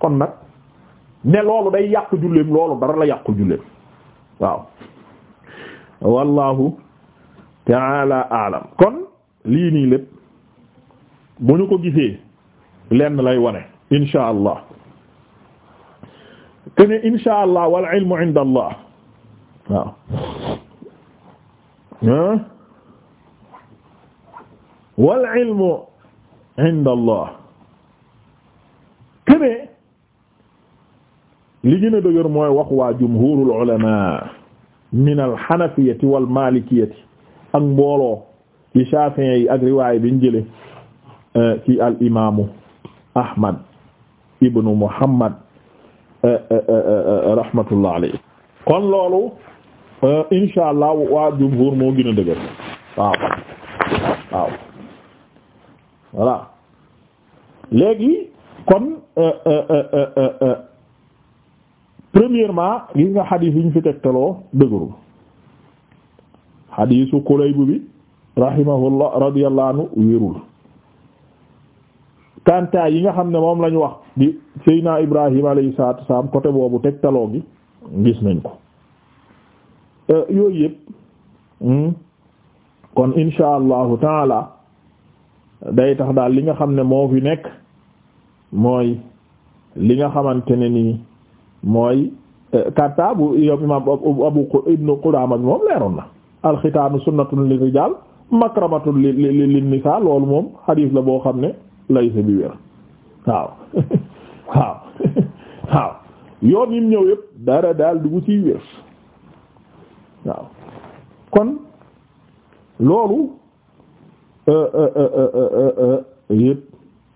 kon nag ne loolu day yàq julleem loolu dara la yàqu julleem waaw wallahu ta'ala a'lam kon lii nii lépp bu ñu ko gisee lenn lay wane insha allah kene insha allah wal ilmu inda allah waaw wal ilmu inda allah kene li gën dëgër mooy wax waa jumhurul ulama min al xanafiyati wal malikiyati ak mbooloo ci ak riwaay biñ jële eh, ci al imaamu Ahmad ibnu Muhammad eh, eh, rahmatullah alayhi kon loolu insha waa jumhur moo gën dëgër waaw waaw voilà léegi premièrement gis nga xadiis yi ñu fi tegtaloo dëgërul xadiisu Kulayb bi rahimahullah radiyallahu anhu wérul kanta yi nga xam ne moom lañu wax di Seydina Ibrahim alayhi salaatu wassalaam côté boobu tegtaloo gi gis nañ ko euh, yooyu yëpp hmm, kon insha allahu taala day tax daal li nga xam ne moo fi nekk mooy li nga xamante ne nii mooy euh, karta bu yow imam abu ibnu Qudaama bi moom leeroon na alxitaanu sunnatun li rijaal makramatun li li li nisaa loolu moom xadiis la boo xam ne laysa bi wér waaw waaw yoon yim ñëw yëpp dara daal dugg ciy wér waaw kon loolu euh, euh, yëpp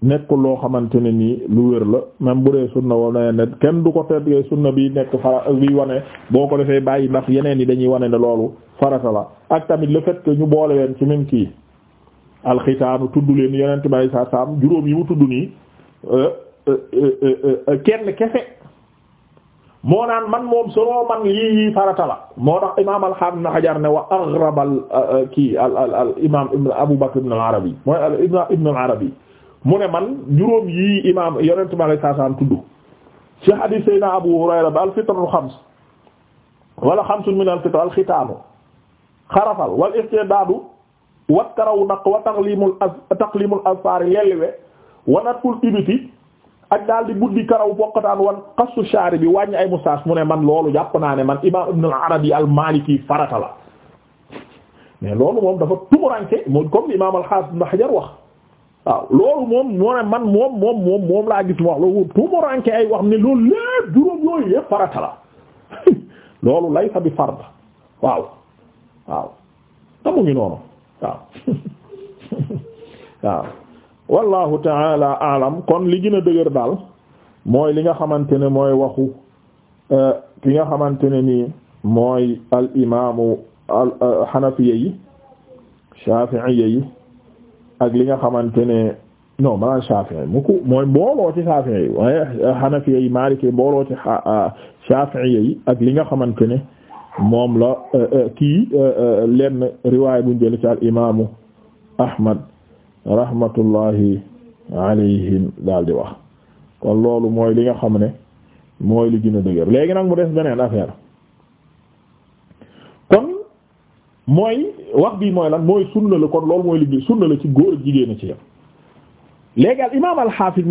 nekkul loo xamante ne nii lu wér la même bu dee sunna wala ne kenn du ko tedd sunna bii nekk fara bi wane boo ko defee bàyyi ndax yeneen yi dañuy wane ne loolu farata la ak tamit la fait que ñu boole leen ci même kii alxitaanu tudd leen yonent bay sa saam juróom yi mu tudd nii euh, euh, euh, kenn kese moo naan man moom solo man yii farata la moo tax imaam alxaam na xajar ne wa aghrab al kii al al al imaam Abu Bakr ibn al Arabi mooy al ibn al Arabi mu ne man juróom yi imaam yonentu ma lay saasaan tudd ci hadith sayna Abu Hurayra ba alfitratu xams wala xamsun min alfitra alxitaanu xarafal wal istidaadu wa karaw naq wa taqlimul as taqlimul asfaari lelliwe wa natul ibiti ak daal di buddi karaw bokkataan wan xasu shaari bi wàññi ay moustache mu ne man loolu jàpp naa ne man imaam ibn al-Arabi al-Maliki farata la mais loolu moom dafa tumuranke moo comme imaam al-Hafiz Ibn Hajar wax waaw loolu moom moo ne man moom moom moom laa gis mu wax loolu tumaranke ay wax ne loolu lépp juróom yooyu yëpp farata loolu lay fa bi fard waaw waaw te mu ngi noonu waaw waaw wallahu taala alam kon li gën a dëgër daal mooy li nga xamante ne mooy waxu euh, ki nga xamante ne nii mooy al imaamu al xanafiya euh, yi shafi'iya ak li nga xamante ne non maanaam Shafi'i mu ko mooy mbooloo ci Shafi'i yi waaye Hanafi yi Maliki mbooloo ci ah, Shafi'i yi ak li nga xamante ni moom la eh, eh, kii eh, lenn riwaay bu njël ci al imaamu Ahmad rahmatullahi alayhim daal di wax kon loolu mooy li nga xam ne mooy li gën a dëgër léegi nag mu des beneen affaire mooy wax bi mooy lan mooy sunna la kon loolu mooy liggéey sunna la ci góor ak jigéen ci yam léegi al imaam al xaafis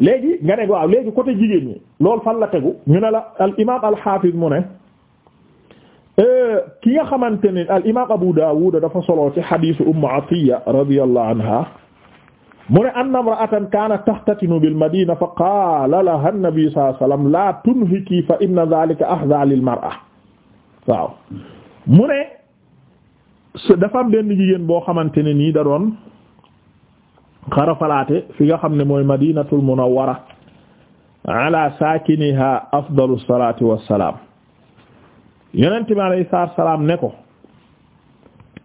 léegi côté jigéen ñi loolu fan la tegu ñu ne la al euh, ki nga xamante ne al imaam Abu Daawud dafa solo ci xadiisu Ummu Atiya radiyallahu anha mu ne anna kaanat taxtatinu bil madina fa qaala laha an-nabi sallallahu alayhi wa sallam tunhiki fa inna ahdaa lil mar'a waaw mu ne dafa am benn jigéen boo xamante ne nii da doon xarafalaate fi nga xam ne mooy madinatul munawwara ala saakiniha afdalu salaati wassalaam yonent bi alayhi salaatu salaam ne ko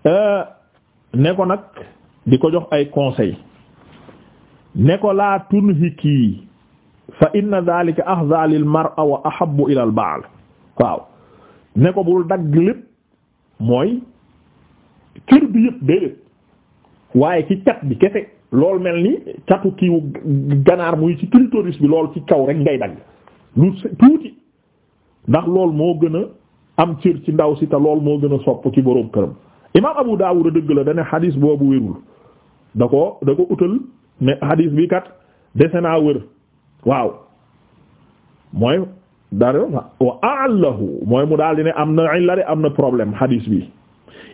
eh, ne ko nag di ko jox ay conseil ne ko laa tunhiki fa inna dhalika ahdha lil mar'a wa ahabbu ila al ne ko bul dagg lépp mooy kër bi yëpp déedéet waaye ci cat bi kese lool mel ni catu kiiwu ganaar muy ci clitoris bi lool ci kaw rek ngay dagg lu tuuti ndax lool moo gën a am cër ci ndaw si te lool moo gën a sopp ci boroom këram imaam Abu Dawud a dëgg la dane xadiis boobu wérul da ko da ko utal ne xadiis bi kat dese naa wër waaw mooy dara wa a'allahu mooy mu daal di ne am na illa de am na problème hadis bi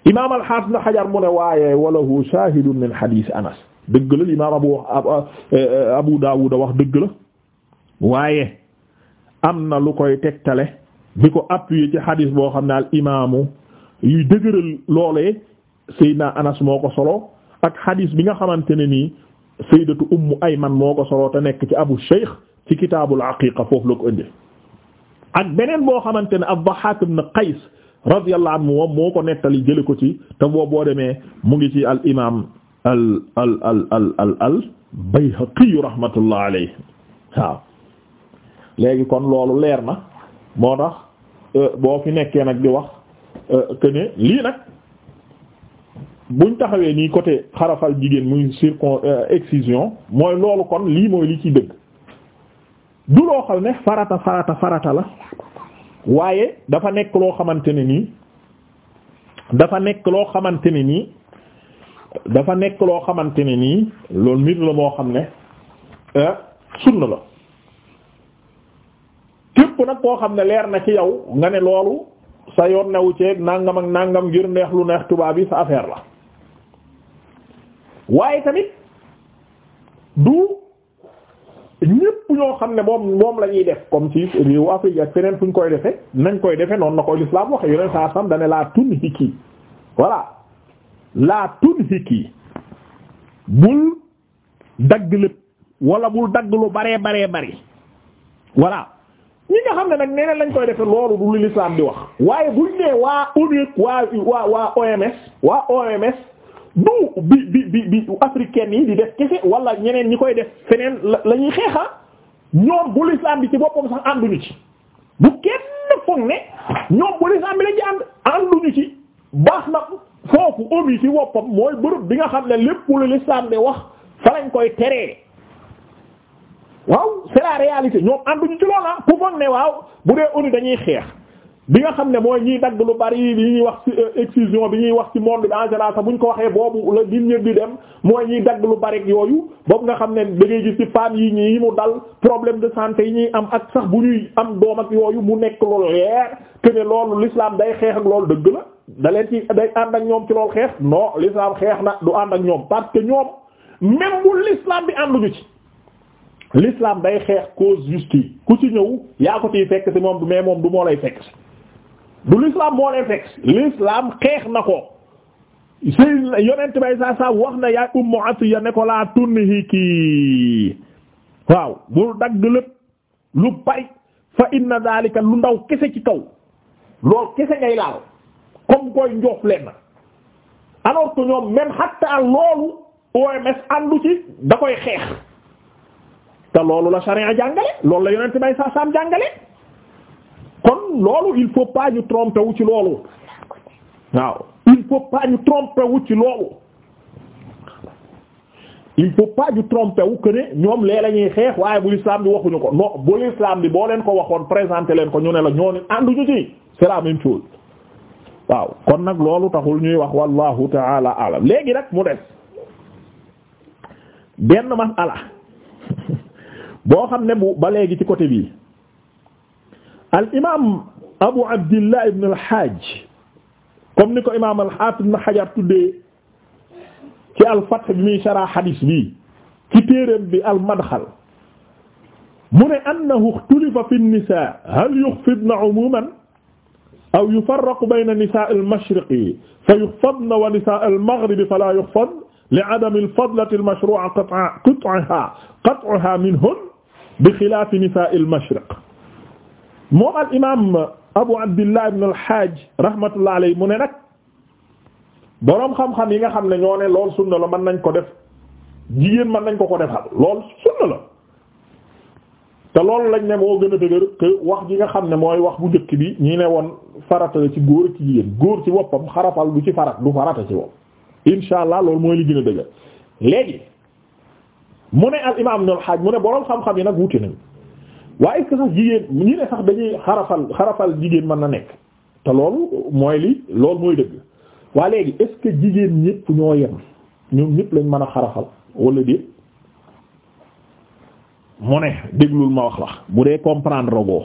imaam al-Hafiz na Hajar mu ne waaye walahu shahidun min hadis Anas dëgg la Abu eh, Abu Dawud wax dëgg la waaye am na lu koy tegtale bi ko appuyer ci hadis boo xam ne al imaamu yuy dëgëral loolee Seydina Anas moo ko solo ak hadis bi nga xamante ne nii Sayyidatu Ummu Ayman moo ko solo te nekk ci Abu Shaykh ci kitaabul aqiiqa foofu la ko ëndee. ak beneen boo xamante ne ad-Dahhak na Qays radiyallahu anhu moom moo ko nettali jële ko ci te boo boo demee mu ngi ci al imaam al al al al al al Bayhaqi rahmatullah alayhi waaw léegi kon loolu leer na moo tax euh, boo fi nekkee nag di wax euh, que lii nag buñ taxawee nii côté xarafal jigéen muy circon euh, excision mooy loolu kon lii mooy li ci dëgg du loo xam ne farata farata farata la waaye dafa nekk loo xamante ne nii dafa nekk loo xamante ne nii dafa nekk loo xamante ne nii loolu mbir la moo xam ne eh, sunna la képp nag koo xam ne leer na ci yow nga ne loolu sa yoon newu ceeg nangam ak nangam ngir neex lu neex tubaab yi sa affaire la waaye tamit du ñépp ñoo xam ne moom moom la ñuy def comme ci réewu Afrique ak feneen fu koy defee nañ koy defee noonu na koy lislaam waxe yoneen saa sam dane laa tun hikki voilà laa tun hikki bul dagg lépp wala bul dagg lu baree baree bari voilà ñi nga xam ne nag neneen lañ koy defe loolu du lu lislaam di wax waaye buñ nee waa waa OMS waa OMS du bi bi bi bi africaine yi di def kese wala ñeneen ñi koy def feneen la ñuy xeexaa ñoom bu l'islam bi ci boppam sax ànduñu ci bu kenn foog ne ñoom bu l'islam bi la ci ànd ànduñu ci baax na foofu obi ci boppam mooy bërëb bi nga xam ne lépp lu l'islam de wax fa lañ koy teree waaw c'est la réalité ñoom ànduñu ci loola ah, ku foog ne waaw bu dee yi dañuy xeex bi nga xam ne mooy ñiy dagg lu bari bi ñuy wax ci euh, excision bi ñuy wax ci monde bi en sax bu ñu ko waxee boobu la gin ñëpp di dem mooy ñiy dagg lu bari ak yooyu boobu nga xam ne da ngay gis ci femmes yi ñi mu dal problème de santé yi ñuy am ak sax bu ñuy am doom ak yooyu mu nekk loolu leer te ne loolu l'islam day xeex ak loolu dëgg la da leen ci day ànd ak ñoom ci loolu xeex non l'islam xeex na du ànd ak ñoom parce que ñoom même bu l'islam bi ànduñu ci l'islam day xeex cause juste ku ci ñëw yaa ko ciy moom mais moom du moo lay fekk du l'islam moo leen fekk l'islam xeex na ko sëy yonent bay saa saa wax na yaay ummu atiya ne ko laa tunhiki waaw bul dagg lépp lu bari fa inna daalika lu ndaw kese ci kaw lool kese ngay laal comme koy njoof leen alors que ñoom même hatta loolu OMS àndu ci da koy xeex te loolu la sharia jàngale loolu la yonent bay saa jàngale loolu il faut pas ñu tromper ci loolu waaw il faut pas ñu tromper ci loolu il faut pas ñu tromper wu ñoom lee la ñuy xeex waaye bu l'islam bi waxuñu ko non bu l'islam bi boo leen ko waxoon présenter leen ko ñu ne la ñoo ne ànduñu ci c'est la waaw kon nag loolu taxul ñuy wax wallahu taala alam léegi nag mu des benn masala boo xam ne bu ba léegi ci côté bii. al imaam Abu Abdillah ibn al Hajj comme ni ko imaam al Hafiz ibn Hajar tuddee ci al Fath bi muy sarah hadis bi ci téereem bi al Madxal mu ne annahu ixtulifa fi nisaa hal yuxfidna umuuman aw yufarraqu bayna nisaa al mashriqi fa yuxfadna wa nisaa al maghribi fala yuxfadna li'adami al fadlati al mashruu'a qat'uhaa qat'uhaa minhunna bi xilaafi nisaa al mashriq moom al imaam Abu Abdillah ibn al-Hajj rahmatullah alayhi mu ne nag boroom xam-xam yi nga xam ne ñoo ne lool sunna la man nañ ko def jigéen man nañ ko ko defal lool sunna la te loolu lañ ne moo gën a dëgër que wax ji nga xam ne mooy wax bu njëkk bi ñi ne woon farata la ci góor ci jigéen góor ci woppam xarafal bu ci farat du farata ci wopp insha allah loolu mooy li gën a dëgër léegi mu ne al imaam ibn al-Hajj mu ne boroom xam-xam yi nag wuti nañ waaye est-ce que sax jigéen ñi ne sax dañuy xarafal xarafal jigéen mën na nekk te loolu mooy li loolu mooy dëgg waa léegi est jigéen ñépp ñoo yem ñépp lañ mën a xarafal wala déet mu ne déglul ma wax la bu dee comprendre rogoo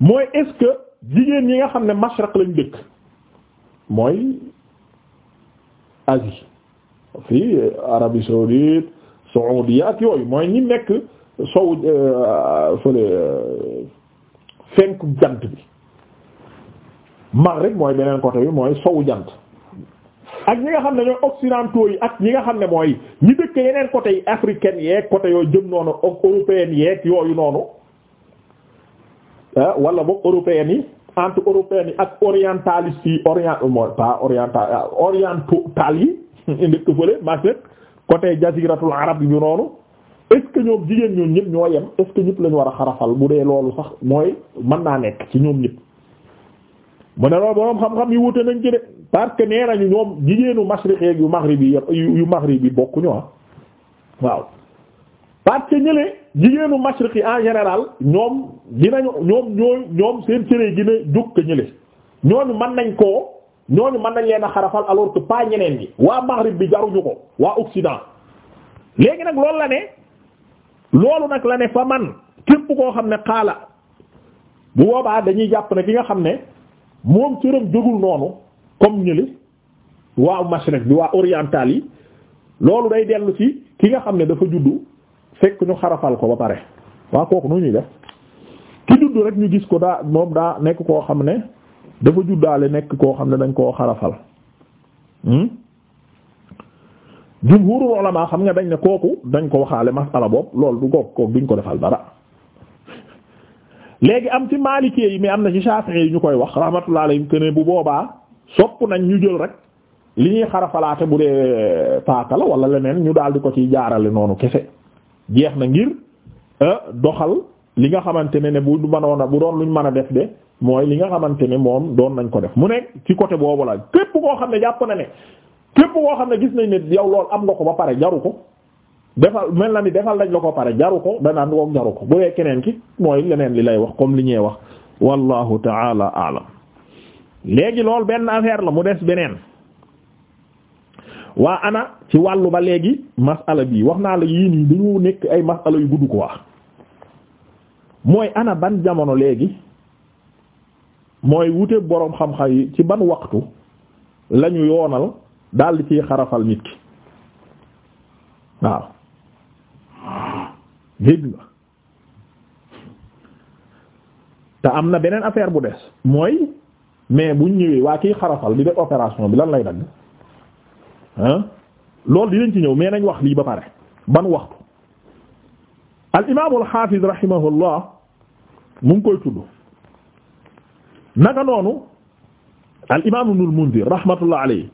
mooy est-ce que jigéen ñi nga xam ne mashraq lañu dëkk mooy Asie fii Arabie saoudite Saoudia ak yooyu mooy ñi nekk sow euh, fële euh, fenku jant bi maghrib mooy beneen côté bi mooy sow jant ak ñi nga xam ne ñooy occidentaux yi ak ñi nga xam ne mooy ñi dëkk yeneen côté yi africaine yeeg côté yooyu jëm noonu européenne yeeg yooyu noonu ah, wala boog européenne yi entre européenne yi ak orientaliste yi orient euh, mooy pas oriental ah, oriental yi dëkk fële Maghreb côté jaziratul arab yi noonu est-ce que ñoom jigéen ñoom ñëpp ñoo yem est-ce que ñëpp lañu war a xarafal bu dee loolu sax mooy man naa nekk ci ñoom ñëpp mu ne loolu moom xam-xam yi wute nañ ci de parce que nee nañu ñoom jigéenu mashriq yu maghrib yi yu maghrib yi bokkuñu ah waaw parce que ñële jigéenu mashriq yi en général ñoom dinañu ñoom ñooy ñoom seen cëree gën jóg ko ñële ñooñu man nañ ko ñooñu mën nañ leen a xarafal alors que pas ñeneen ñi waa maghrib bi jaruñu ko waa occident léegi nag loolu loolu nag la ne fa man képp koo xam ne xaala bu boobaa dañuy jàpp ne ki nga xam ne moom cëram jógul noonu comme ñëli waa mashriq bi waa oriental yi loolu day dellu ci ki nga xam ne dafa juddu fekk ñu xarafal ko ba pare waa kooku nu ñuy def ki juddu rek ñu gis ko daa moom daa nekk koo xam ne dafa juddaale nekk koo xam ne dañ koo xarafal hmm? jumhurul ulama xam nga dañ ne kooku dañ ko waxaale masala boob loolu du kooku kooku duñ ko defal dara léegi am ci maalikee yi mais am na ci shafi'i yi ñu koy wax rahmatullahi alayhim que ne bu boobaa sopp nañ ñu jël rek li ñuy xarafalaate bu dee paaka la wala leneen ñu daal di ko ci jaarale noonu kese jeex na ngir euh, doxal li nga xamante ne ne bu mënoon a bu doon luñ mën a def de mooy li nga xamante ne moom doon nañ ko def mu ne ci côté boobu la képp koo xam ne jàpp na képp woo xam ne gis nañ ne yow lool am nga ko ba pare jaru ko defal mel na ni defal lañ la ko pare jaru ko danaan woog jaru ko bu dee keneen ki mooy leneen li lay wax comme li ñuy wax wallahu taala alam léegi loolu benn affaire la mu des beneen waa ana ci wàllu ba léegi masala bii wax naa la yii nii dañu nekk ay masala yu gudd ko wax mooy ana ban jamono léegi mooy wute boroom xam-xam yi ci ban waxtu lañu yoonal daal di ciy xarafal nit ki waaw dégg nga te am na beneen affaire bu des mooy mais buñ ñëwee waa kiy xarafal di def opération bi lan lay dagg ah loolu dinañ ci ñëw mais nañ wax lii ba pare ban waxtu al imaam al xaafiz rahimahullah mu ngi koy tudd naka noonu al imaam ibnul mundir rahmatullah alayhi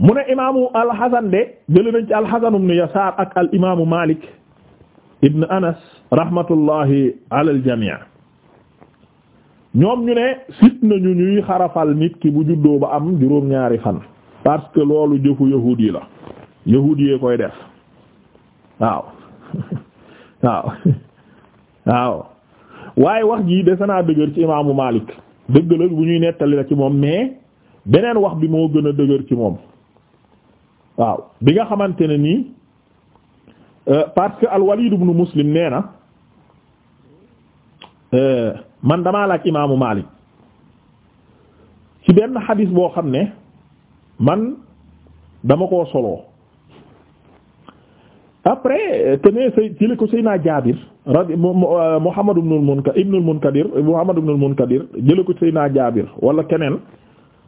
mu ne imaamu alxasan de jëli nañ ci alxasan ibn yasaar ak al imaamu malik ibn anas rahmatullahi ala al jamii ñoom ñu ne sit nañu ñuy xarafal nit ki bu juddoo ba am juróom-ñaari fan parce que loolu jëfu yahuud yi la yahuud yee koy def waaw waaw waaye wax jii de naa dëgër ci imaamu malik dëgg la bu ñuy nettali la ci moom mais beneen wax bi moo gën a dëgër ci moom waaw bi nga xamante ne nii euh, parce que al-Walid ibn Muslim nee na euh, man damaa laaj imaamu Malik ci benn xadis boo xam ne man dama koo soloo après te ne say ci li ko Seydina Jaabir radi euh, Muhammad mu al-Munkadir ibn al-Munkadir Muhammad ibn al-Munkadir jële ko Seydina Jaabir wala keneen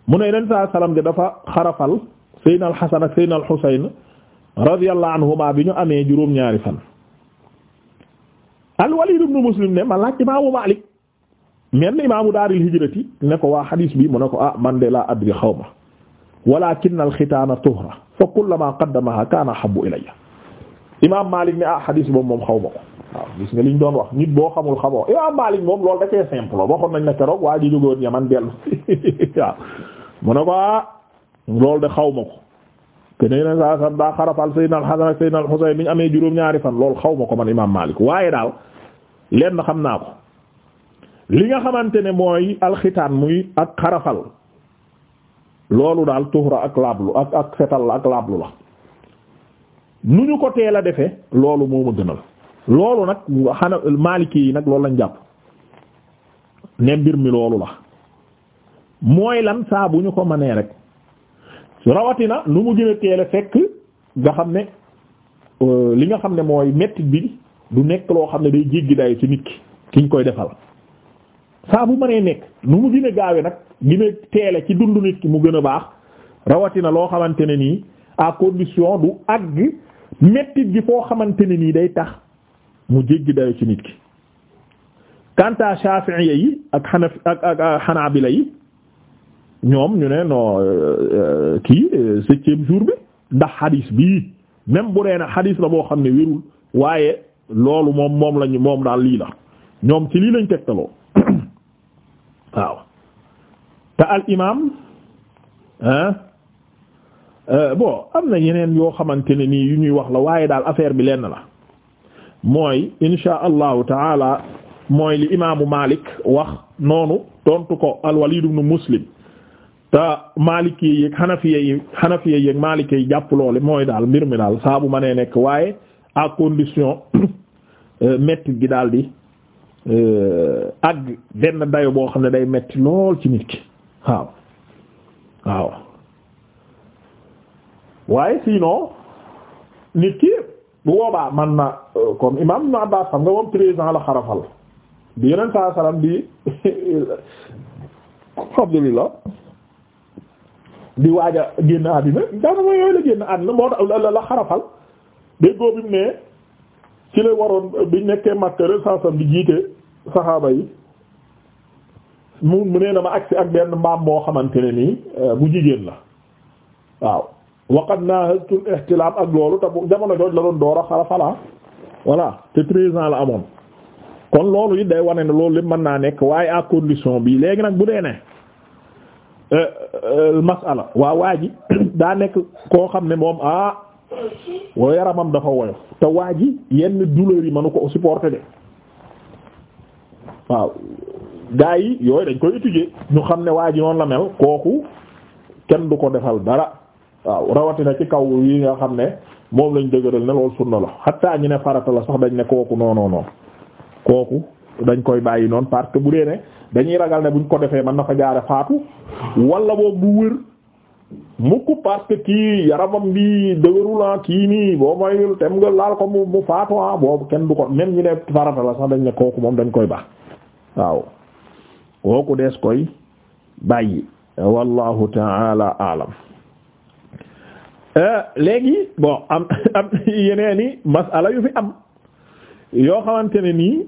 mu ne leen saa salaam de dafa xarafal Seydina Al Xasan ak Seydina Al Xuseyn radiyallahu anhuma bi ñu amee juróom-ñaari fan. Al Walid ibn Muslim ne ma laaj imaamu Maalik men imaamu daaril hijrati ne ko waa xadiis bi mu ne ko ah man de laa adri xaw ma walaakinna al xitaana tuhra fa kullamaa qaddamahaa kaana ahabbu ilayya imaam Maalik ne ah xadiis boobu moom xaw ma ko. gis nga liñ doon wax nit boo xamul xamoo imaam Maalik moom loolu da simple waxoon nañ la keroog waa ji jógoon Yaman dellu waaw mu ah loolu de xaw ma ko te ne na saa bi amee juróom-ñaari fan loolu xaw ma ko man imaam Maalik waaye daal lenn xam naa ko li nga xamante ne mooy alxitaan muy ak loolu daal tuhra ak laablu ak ak fetal la ak laablu la nu ñu ko teel a defee loolu moo ma gënal loolu nag xana yi nag loolu lañ jàpp ne mbir mi loolu la mooy lan saabu ñu ko mënee rek. rawatina lu mu gën a teel a fekk nga xam ne euh, li nga xam ne mooy mettit bi du nekk loo xam ne day jéggi dayo ci nit ki kiñ koy defal saa bu mënee nekk nu mu gën a gaawe nag gën a teele ci dundu nit ki mu gën a baax rawatina loo xamante ne nii à condition du àgg mettit gi foo xamante ne nii day tax mu jéggi dayo ci nit ki kanta Shafi'iyya yi ak xanaf ak ak xanaabila yi ñoom ñu ne noo euh, euh, kii euh, septième jour bi ndax xadis bii même bu nee na xadis la boo xam ne wérul waaye loolu moom moom lañu moom daal lii la ñoom ci lii lañ tegtaloo waaw te al imaam am na yeneen yoo xamante ne nii yu ñuy wax la waaye daal affaire bi lenn la mooy insha allahu taala mooy li imaamu Malik wax noonu tontu ko al Walid Muslim te Maliki yeeg Hanafiya yi Hanafiya yeeg jàpp loole mooy daal mbir mi daal saa bu ma nee nekk waaye à condition euh, métti gi daal di euh, àgg benn dayo boo xam ne day métti lool ci nit ki waaw waaw waaye sinon nit ki bu boobaa man na euh, comme imam Ibn Abbas xam nga moom président la xarafal bi yeneen saa salaam bi alhamdulillah di waaj a génn àddina daanaka yooyu la génn àddina moo tax la la xarafal déggoo bi mu ne ci la waroon bi nekkee Makka saasam bi jiite saxaaba yi mu mu nee na ma agsi ak benn mbaam boo xamante ne nii euh, bu jigéen la waaw waqad nahastul ihtilam ak loolu te bu jamono jooj la doon door a xarafala ah. te treize ans la amoon kon loolu it day wane na loolu lépp mën naa nekk waaye à condition bii léegi nag bu dee ne. Euh, euh, masala waa waa ji daa nekk koo xam ne moom ah woo yaramam dafa woyof te waa ji yenn douleur yi mënu ko supporter de waaw gaa yi yooyu dañ koy étudier ñu xam ne waa ji noonu la mel kooku kenn du ko defal dara waaw rawatina ci kaw yi nga xam ne moom lañ dëgëral ne loolu sunna la xattaa ñi ne farata la sax dañ ne kooku non kooku dañ koy bàyyi noonu parce que bu dee ne dañuy ragal ne buñ ko defee mën na fa jaare faatu wala boobu bu wër mukk parce que kii yaramam bi dëgërulan ah, kii nii boo mayul tem nga laal ko mu faatu ah boobu kenn du ko même ñu ne farata sax dañ ne kooku moom dañ koy baax waaw kooku dees koy bàyyi wallahu taala alam euh, léegi bon am am yeneeni masala yu fi am yoo xamante ne nii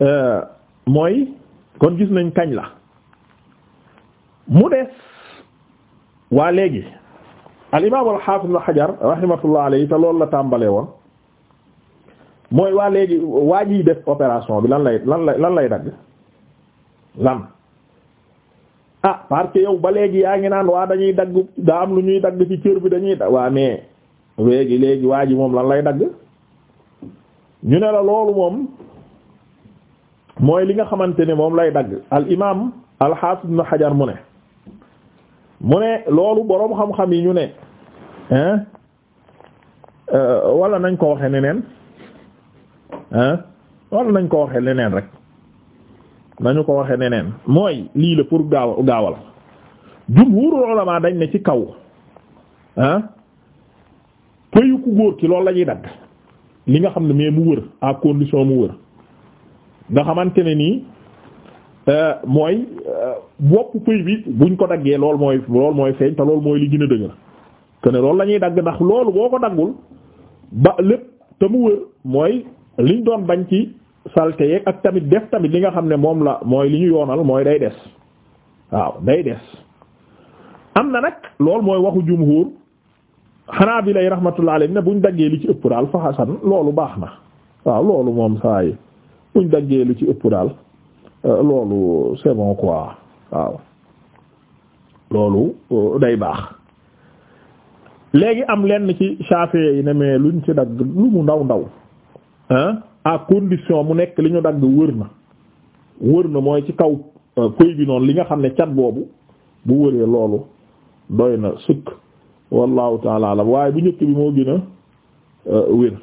euh, mooy kon gis nañ kañ la mu des waa léegi al imaam al xaafis ibn Hajar rahmatullah alayhi te loolu la tàmbalee woon mooy waa léegi waa jiy def opération bi lan lay lan lay lan lay dagg lan ah parce que yow ba léegi yaa ngi naan waa dañuy dagg daa am lu ñuy dagg ci cër bi dañuy dagg waa mais léegi léegi waa ji moom lan lay dagg ñu ne la loolu moom mooy li nga xamante ne moom lay dagg al imaam al haafid ibn mu ne mu ne loolu boroom xam-xam yi ñu ne hein euh, wala nañ ko waxe neneen hein nañ ko waxe neneen rek nañu ko waxee neneen mooy lii la pour gaaw gaawal jumhuurul ulamaa dañ ne ci kaw hein pëyu ku góor ki loolu la ñuy dagg li nga xam ne mais mu wër à condition mu wër nga xamante ne nii euh, mooy euh, boppu pëy bi buñ ko daggee loolu mooy loolu mooy feeñ te loolu mooy li gën a dëgër te ne loolu lañuy dagg ndax loolu boo ko daggul ba lépp te mu wër mooy liñ doon bañ ci salte yeeg ak tamit def tamit li nga xam ne moom la mooy li ñu yoonal mooy day des waaw day des am na nag loolu mooy waxu jumhur xanaa bi lay rahmatullah alayhi ne buñ daggee li ci ëpp daal fa xasan loolu baax na waaw loolu moom saa yi buñ daggee lu ci ëpp daal euh, loolu c'est bon euh, baax léegi am lenn ci Shafi'i yi ne mais mu ndaw ndaw hein à mu nekk li ñu dagg wër na wër na mooy ci kaw euh, koy bi noonu li nga xam ne cat boobu bu wëree loolu doy na sëkk wallahu taala waaye bu njëkk bi moo gën a wér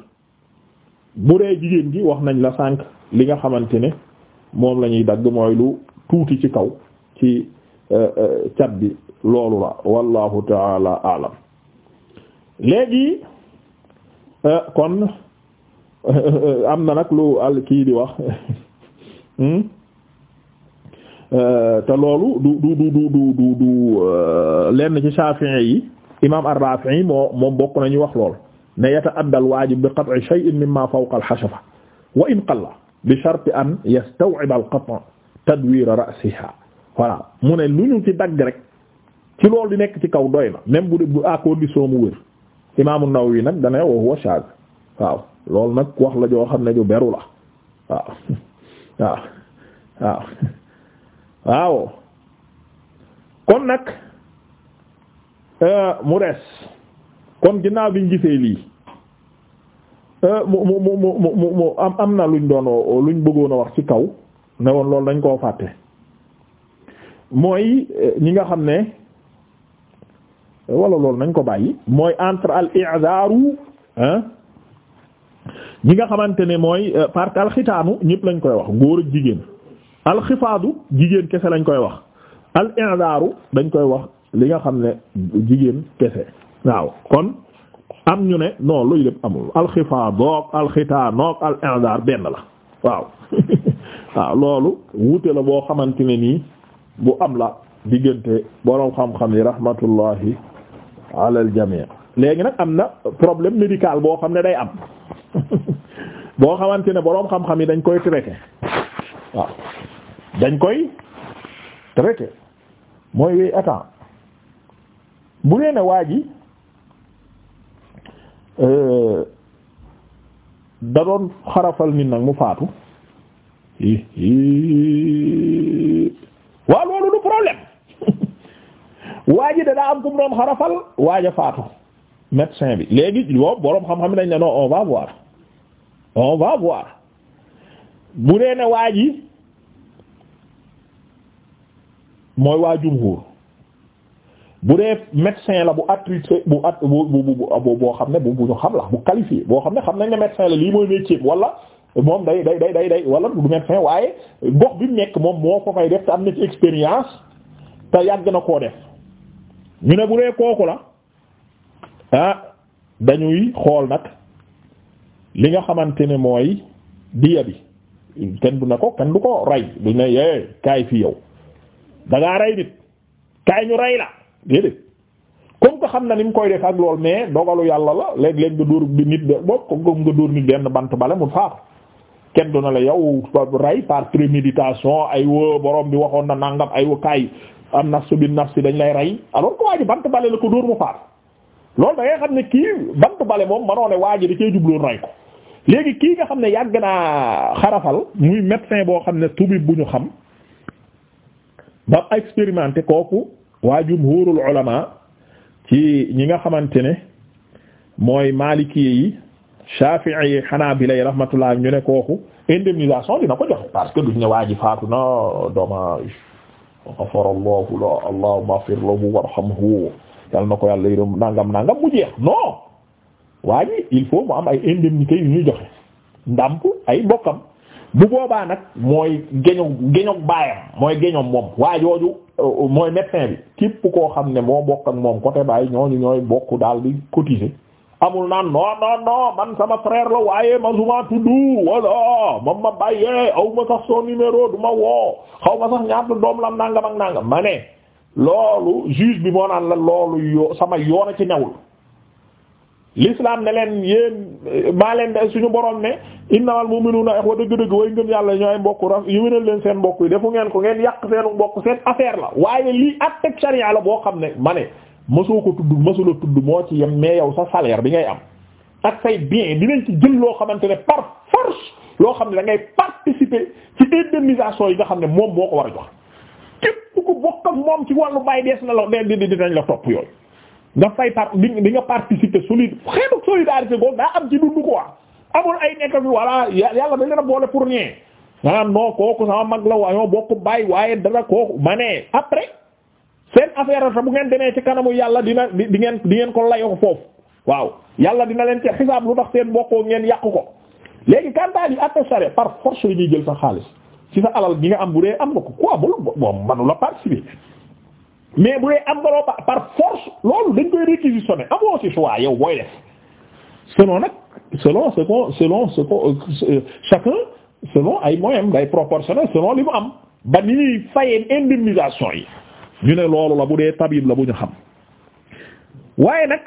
bu dee jigéen gi wax nañ la sànq li nga xamante ne moom la ñuy dagg mooy lu tuuti ci kaw ci euh, euh, cat bi loolu la wallahu taala alam léegi euh, kon am na nag lu al kii di wax hmm? te loolu du du du du du du du lenn ci Shafi'i yi imam ar moo moom bokk nañu wax lool ne yata'adda al-wajib bi qat'i shay'in mimma fawqa al-hashafa wa in qalla bi sharti an yastaw'ib al qat' tadwir ra'siha voilà mu ne lu ñu ci dagg rek ci loolu di nekk ci kaw doy na même bu bu à condition mu wér imaamu Nawawi nag dane wa huwa shaaz waaw loolu nag wax la joo xam ne ju beru la waaw waaw waaw kon nag euh, mu des kon ginnaaw biñ gisee lii Euh, mu mu mu mu mu mu am am na luñ doon euh, luñ bëggoon a wax ci kaw ne woon loolu dañ koo fàtte mooy euh, ñi nga xam ne wala loolu nañ ko bàyyi mooy entre al i'zaru hein ñi nga xamante ne mooy parce que alxitaanu ñëpp lañ koy wax góor ak jigéen alxifaadu jigéen kese lañ koy wax al i'zaru dañ koy wax li nga xam ne jigéen kese waaw kon am ñu ne non loolu lépp amul alxifadook alxitaanook al inzar benn la waaw waaw loolu wuute la boo xamante ne nii bu am la diggante boroom xam-xam yi rahmatullahi ala al jami' léegi nag am na problème médical boo xam ne day am boo xamante ne boroom xam-xam yi dañ koy traité waaw dañ koy traité mooy wéy attends bu nee ne waa Euh, da doon xarafal nit nag mu faatu waaw loolu du problème waa ji da daa am ku mu doon xarafal waaja faatu médecin bi léegi boobu boroom xam-xam dañ ne non on va voir on va voir bu ne waa ji mooy waa jumhur bu dee médecin la bu attrité bu at bu bu bu boo xam ne bu bu ñu xam la bu qualifié boo xam ne xam nañ ne médecin la lii mooy métier wala moom day day day day day bu du médecin waaye gox bi mu nekk moom moo ko fay def te am na ci expérience te yàgg na koo def ñu ne bu dee kooku la ah dañuy xool nag li nga xamante ne mooy diya bi kenn du na ko kenn du ko rey du ne yee kaay fi yow da ngaa kaay ñu rey la. déedéet comme que xam na ni mu koy def ak lool mais dogalu yàlla la léeg-léeg nga dóor bi nit de bokk comme nga benn bant bale mu faatu kenn doona la yow rey par préméditation ay wa bi waxoon na nangam ay wa kaay am nafsu bi nafsi dañ lay rey alors que bant bale la ko dóor mu faatu loolu da xam ne kii bant bale moom manoo ne waa ji da cee léegi kii nga xam ne yàgg naa xarafal muy boo xam ne tubi bu ñu xam ba kooku waa jumhurul ulama ci ñi nga xamante ne mooy maliki yi shafi'i yi hanabila yi rahmatullah ñu ne kooku indemnisation dina ko joxe parce que duñ ne waa ji faatu na dommage ghafarallahu la allahumma ighfir lahu warhamhu yal na ko yàlla yërëm nangam nangam mu jeex non waa il faut mu am ay indemnités yu ñu joxe ndàmp ay bokkam bu boobaa nag mooy géño géño baayam mooy géñom moom waa jooju euh, mooy médecin bi képp koo xam ne moo bokk ak moom côté baay ñooñu ñooy bokk daal di cotiser amul naan non non non man sama frère la waaye ma suma tudd walla moom ma bàyyee aw ma sax son numéro du ma woo xaw ma sax ñaata doom lam nangam ak nangam ma ne loolu juge bi moo naan la loolu yoo sama yoon a ci newul l'islam ne leen yéen maa leen de suñu borom ne innamal mu'minuna ikhwa dëgg-dëgg way ngëm yàlla ñooy mbokk raf yëwénal leen seen mbokk yi defu ngeen ko ngeen yàq u mbokk seen affaire la waaye lii atteg sharia la boo xam ne ma ne mësoo ko tudd mësula tudd moo ci yem mais yow sa salaire bi ngay am ak say bien dinañ ci jël loo xamante ne par force loo xam ne da ngay participer ci indemnisation yi nga xam ne moom moo ko war a jox képp ku bokk ak moom ci wàllu bàyyi na la deen di dinañ la topp yooyu nga fay par di nga participer solide xeetu solidarité boobu daa am ci dundu quoi amul ay nekk fi voilà yàlla da leen a boole pour rien ah non kooku sama mag la waaye bokk bàyyi waaye dara kooku ma ne après seen affaire ta bu ngeen demee ci kanamu yàlla dina di ngeen di ngeen ko layo foofu waaw yàlla dina leen ci xisaab lu tax seen bokkoo ngeen yàq ko léegi kantaan yi atte sare par force yi ñuy jël sa xaalis ci sa alal gi nga am bu dee am nga ko quoi bul boo manu la mais bu dee am nga loo par force loolu dañ koy réquisitionner amoo ci choix yow booy def selon nag selon ce qu'on selon ce qu'on euh, chacun selon ay moyens day proportionnel selon li mu am ba ni ñuy fayeen indemnisation yi ñu ne loolu la bu dee tabib la bu ñu xam waaye nag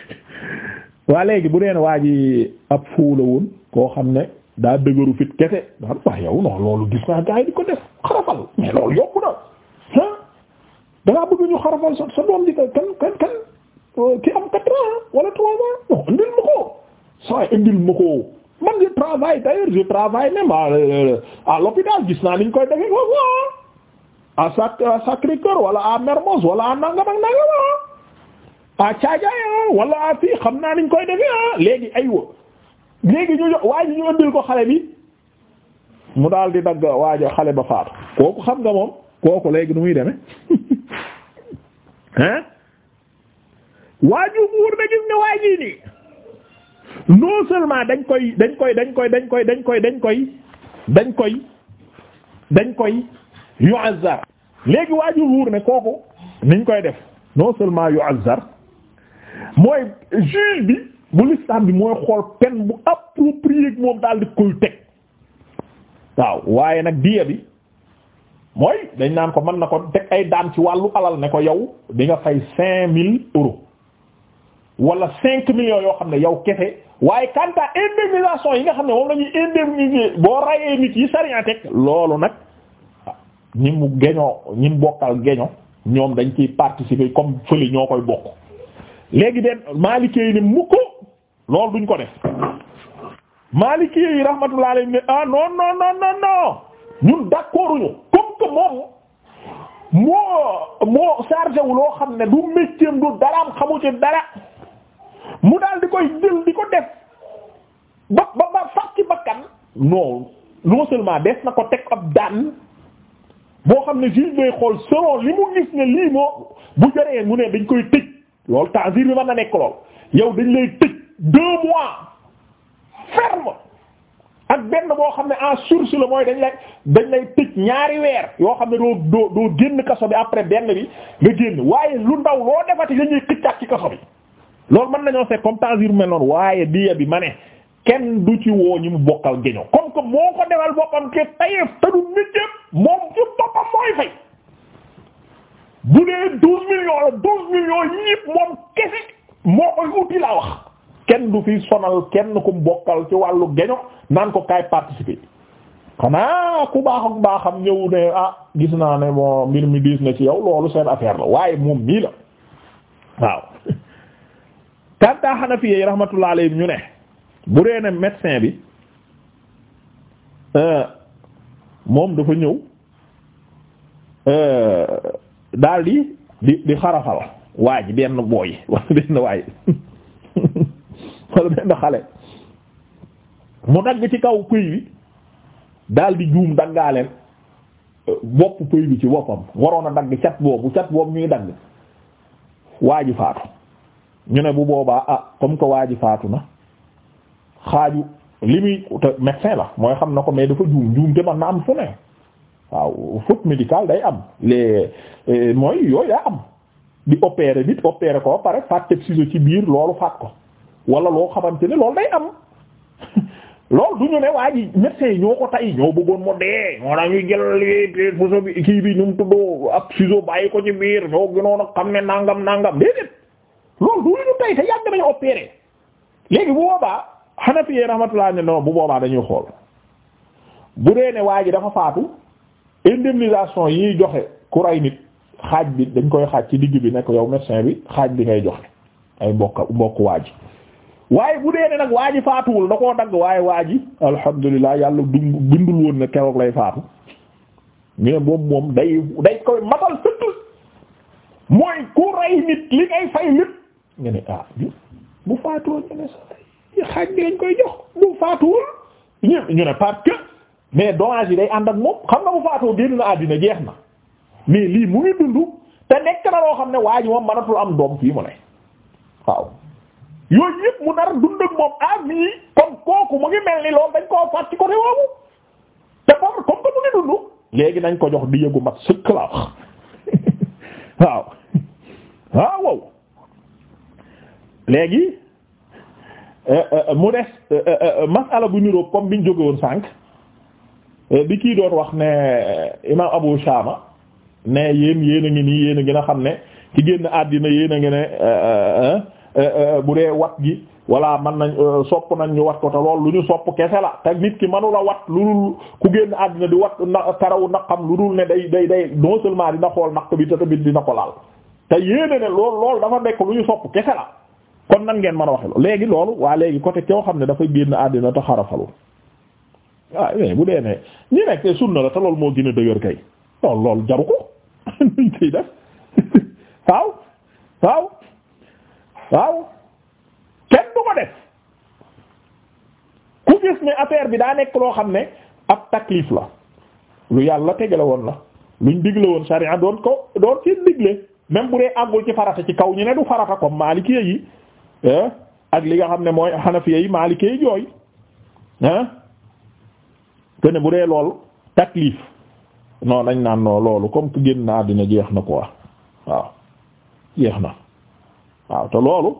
waa léegi bu deen waa ji ab fuula woon koo xam ne daa dëgëru fit kese daal waaye yow non loolu gis naa gars yi ko def xarafal mais loolu yokk da ngaa bëgg ñu xarafal sa sa doom ji kan kan kan euh, ki trois ans non indil ma ko saa indil ma man je travaille d'ailleurs je travaille même à euh, l'hôpital gis naa ni koy defee foofu ah à Sac à Sacré-Cœur wala à Mermoz wala à nangam ak nangam ah à Thiadiaye ah wala à fii xam naa ni koy defee a léegi aywa léegi ñu waaye ñu indil ko xale bi mu daal di dagg waaja xale ba faatu kooku xam nga moom kooku léegi nu muy demee. hein waaju buur na gis ne waajii nii non seulement dañ koy dañ koy dañ koy dañ koy dañ koy dañ koy dañ koy dañ koy yu'azzar léegi waaju buur ne kooku niñ koy def non yu yu'azzar mooy juge bi bu l'islam bi mooy xool peine bu appropriée moom daal di koy waaw waaye nag diya bi mooy dañ naan ko mën na ko teg ay daan ci wàllu alal ne ko yow di nga fay cinq mille euros wala cinq millions yoo xam ne yow kese waaye quant indemnisation yi nga xam ne moom la ñuy indemniser boo rayee nit yi sariya teg loolu nag ñi mu geñoo ñi mu bokkal geño ñoom dañ ciy participer comme fële ñoo koy bokk léegi den maalikee yi ne mukk loolu duñ ko def maalikee yi rahmatullah alayhi ne ah non non non non ñun d'accorduñu que moom moo moo chargé wu loo xam ne du métier du daraam xamu ci dara mu daal di koy jël di ko def ba ba ba fas ci bakkan non non seulement des na ko teg ab daan boo xam ne juge day xool selon li mu gis ne lii moo bu jëree mu ne dañ koy tëj loolu ta'zir bi mën a nekk lool yow dañ lay tëj deux mois ferme ak benn boo xam ne en source la mooy dañ lay dañ lay tëj ñaari weer yoo xam ne doo doo doo génn kaso bi après benn bi nga génn waaye lu ndaw loo defati dañuy xëccaat ci kaso bi loolu mën nañoo seet comme tasir mel noonu waaye diya bi ma ne kenn du ci woo ñu mu bokkal géño comme que moo ko defal boppam ke tayef te du méjjépp moom ci boppam mooy fay bu dee douze millions la douze millions yëpp moom kese moo koy uti laa wax kenn du fi sonal kenn ku bokkal ci wàllu geño naan ko kaay participer xanaa ku baax baaxam ñëw ne ah gis naa ne moo mbir mi diis na ci yow loolu seen affaire la waaye moom mii la waaw kantaa Hanafi yi rahmatullah ñu ne bu dee ne médecin bi euh, moom dafa ñëw euh, daal di di di xarafal waa ji benn booy wala benn xal benn xale mu dagg ci kaw pëy bi daal di juum daggaaleen bopp pëy ci boppam waroon a dagg cat boobu cat boobu ñuy dagg waa ji faatu ñu ne bu boobaa ah comme que waa ji faatu na xaaju li muy te la mooy xam na ko mais dafa juum juum te man na am fu ne waaw faute médicale day am les eh, mooy yooyu daa am di opérer nit opérer ko pare fàtte ciseau ci biir loolu faat ko wala loo xamante ni loolu day am loolu du ñu ne waa ji médecins yi ñoo ko tay ñoo bëggoon mu dee ñoo kii bi nu mu tuddoo ab ciseau bàyyi ko ci biir ñoo gënoon a xam ne nangam nangam déedéet loolu du ñu tay te léegi bu boobaa Hanafi yi rahmatullah ne non bu boobaa dañuy xool bu dee ne waa ji dafa faatu indemnisation yi joxe ku nit xaaj bi dañ koy xaaj ci digg bi nekk yow médecin bi xaaj bi ngay joxe ay mbokk mbokk waa ji waaye bu dee ne nag waa ji faatuwul da koo dagg waaye waa ji alhamdulilah yàlla bindul woon ne keroog lay faatu ñu ne boobu moom day day koy matal sëttu mooy ku rey nit li ngay fay lépp nga ne ah bu faatuwul ñu ne sax xaaj bi lañ koy jox bu faatuwul ñu ñu ne parce que mais dommage yi day ànd ak moom xam nga bu faatoo génn na àddina jeex na mais lii mu ngi dund te nekk na loo xam ne waaj ji moom mënatul am doom fii mu ne waaw. yooyu yëpp mu nar dund ak moom ah mii kon kooku mu ngi mel ni loolu dañ koo fàtt ci ko réewoomu te comme mu ngi dund léegi nañ ko jox di yëgu mat sëkk la wax waaw ah waaw léegi euh, euh, mu des euh, masala bu niroo comme biñ jóge woon sànq bi kii doon wax ne imam Abu Shama ne yéen yéen a ngi nii yéen a gën a xam ne ci génn àddina yéen a ngi ne Eh, eh, eh, bu dee wat gi voilà man nañ sopp nañ ñu wat ko te loolu lu ñu sopp kese la te nit ki manula wat lu dul ku génn àddina di wat na karaw naqam lu dul ne day day day non seulement dina xool naq bi te bi dina ko laal te yéene ne loolu loolu dafa nekk lu ñu sopp kese la kon nan ngeen mën a waxe loolu léegi loolu waa léegi côté koo xam ne dafay génn àddina te xarafalu ah mais bu dee ne ñi nekk sunna la te loolu moo gën a dëgër kay loolu loolu jaru ko nuñ waaw kenn du ko def ku gis ne affaire bi daa nekk loo xam ne ab taklif la lu yàlla tegale woon la luñ digle woon sharia doon ko doon ci digle même bu dee àggul ci farata ci kaw ñu ne du farata comme maalikee yi ak li nga xam ne mooy xanafiya yi maalikee yi jooy ah te bu dee lool taklif non lañ naan non loolu comme que génn na àddina jeex na quoi waaw jeex na. waaw te loolu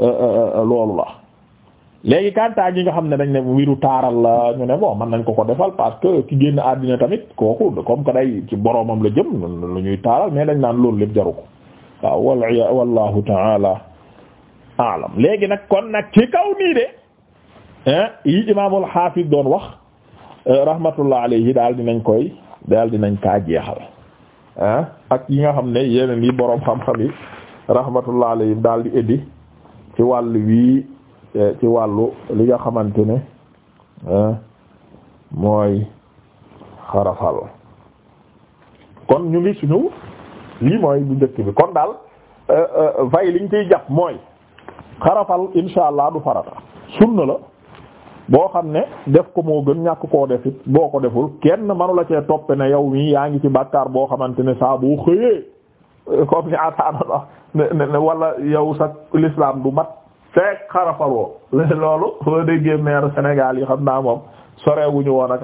euh, euh, euh, loolu la léegi kantaa yi nga xam ne dañ ne wiru taaral la ñu ne bon mën nañ ko ko defal parce que ki génn àddina tamit kooku comme que day ci boroomam la jëm lu ñuy taaral mais dañ naan loolu lépp jaru ko waaw wal wallahu taala aalam léegi nag kon nag ci kaw nii de yi imaamul xaafis doon wax rahmatullah alayhi daal dinañ koy daal dinañ kaa jeexal ah ak yi nga xam ne yeneen yi boroom xam-xam yi rahmatullah alayhim daal di indi ci wàll wii eh, ci wàllu li nga xamante ne eh, mooy xarafal kon ñu ngi suñu lii mooy bu njëkk bi kon daal eh, fay liñ ciy jàpp mooy xarafal insha allah du farata sunna la boo xam ne def ko moo gën ñàkk koo defit boo ko deful kenn manu la cee toppe ne yow mii yaa ngi ci bàkkaar boo xamante ne saa boo xëyee comme ni ataana la ne ne wala yow sa l'islam du mat fekk xarafaloo loolu boo déggee maire Sénégal yi xam naa moom sorewuñu woon ak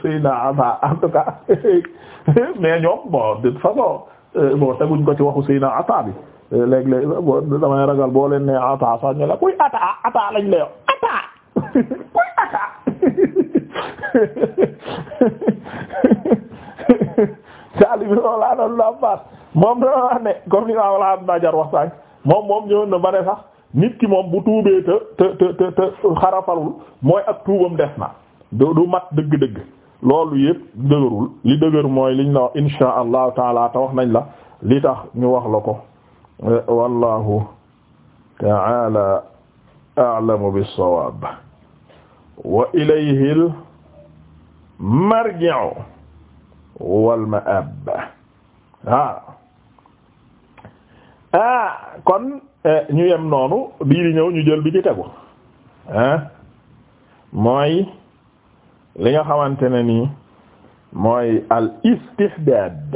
suy naa asa en tout cas mais ñoom bon de façon euh, bon teguñ ko ci waxu suy naa asa bi léeg-léeg damay ragal boo leen ata sax ñu la kuy ata ata lañ la yo ata kuy ata sali bi loolu la la moom da wax ne comme li am naa jar wax sànq moom moom ñëwoon na ba ne sax nit ki moom bu tuubee te te te te xarafalul mooy ak tuubam des na du du mat dëgg-dëgg loolu yëpp dëgërul li dëgër mooy liñ la wax insha allahu taala te wax nañ la li tax ñu wax la ko wallahu taala a'lamu bis-sawab wa ilayhi al-marji'u wal ma'ab ha ah kon eh, ñu yem noonu bii ñëw ñu jël bi ci tegu ah mooy li nga xamante ne nii mooy al istihdaad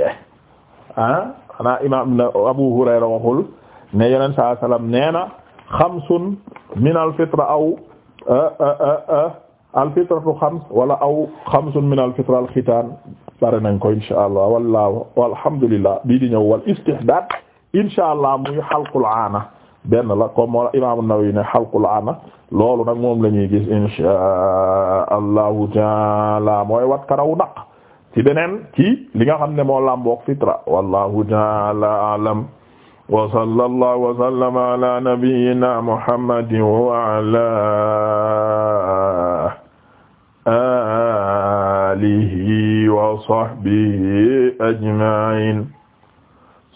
ah xanaa imaam na Abu Hurayra waxul ne yeneen saa salaam nee na xamsun min al fitra aw eh, eh, al fitratu xams wala aw xamsun min al fitra bare nañ ko insha allah wallahu walhamdulillah bii di ñëw wal istihdaad insha allah muy xalqul aana benn la comme moo imam an-Nawawi ne xalqul aana loolu nag moom la ñuy gis insha allahu taala mooy wat karaw naq ci beneen ci li nga xam ne moo làmbook fitra wallahu taala alam wa sallallahu wa sallama ala nabiyyina muhammadin wa ala alihi wa sahbihi ajma'in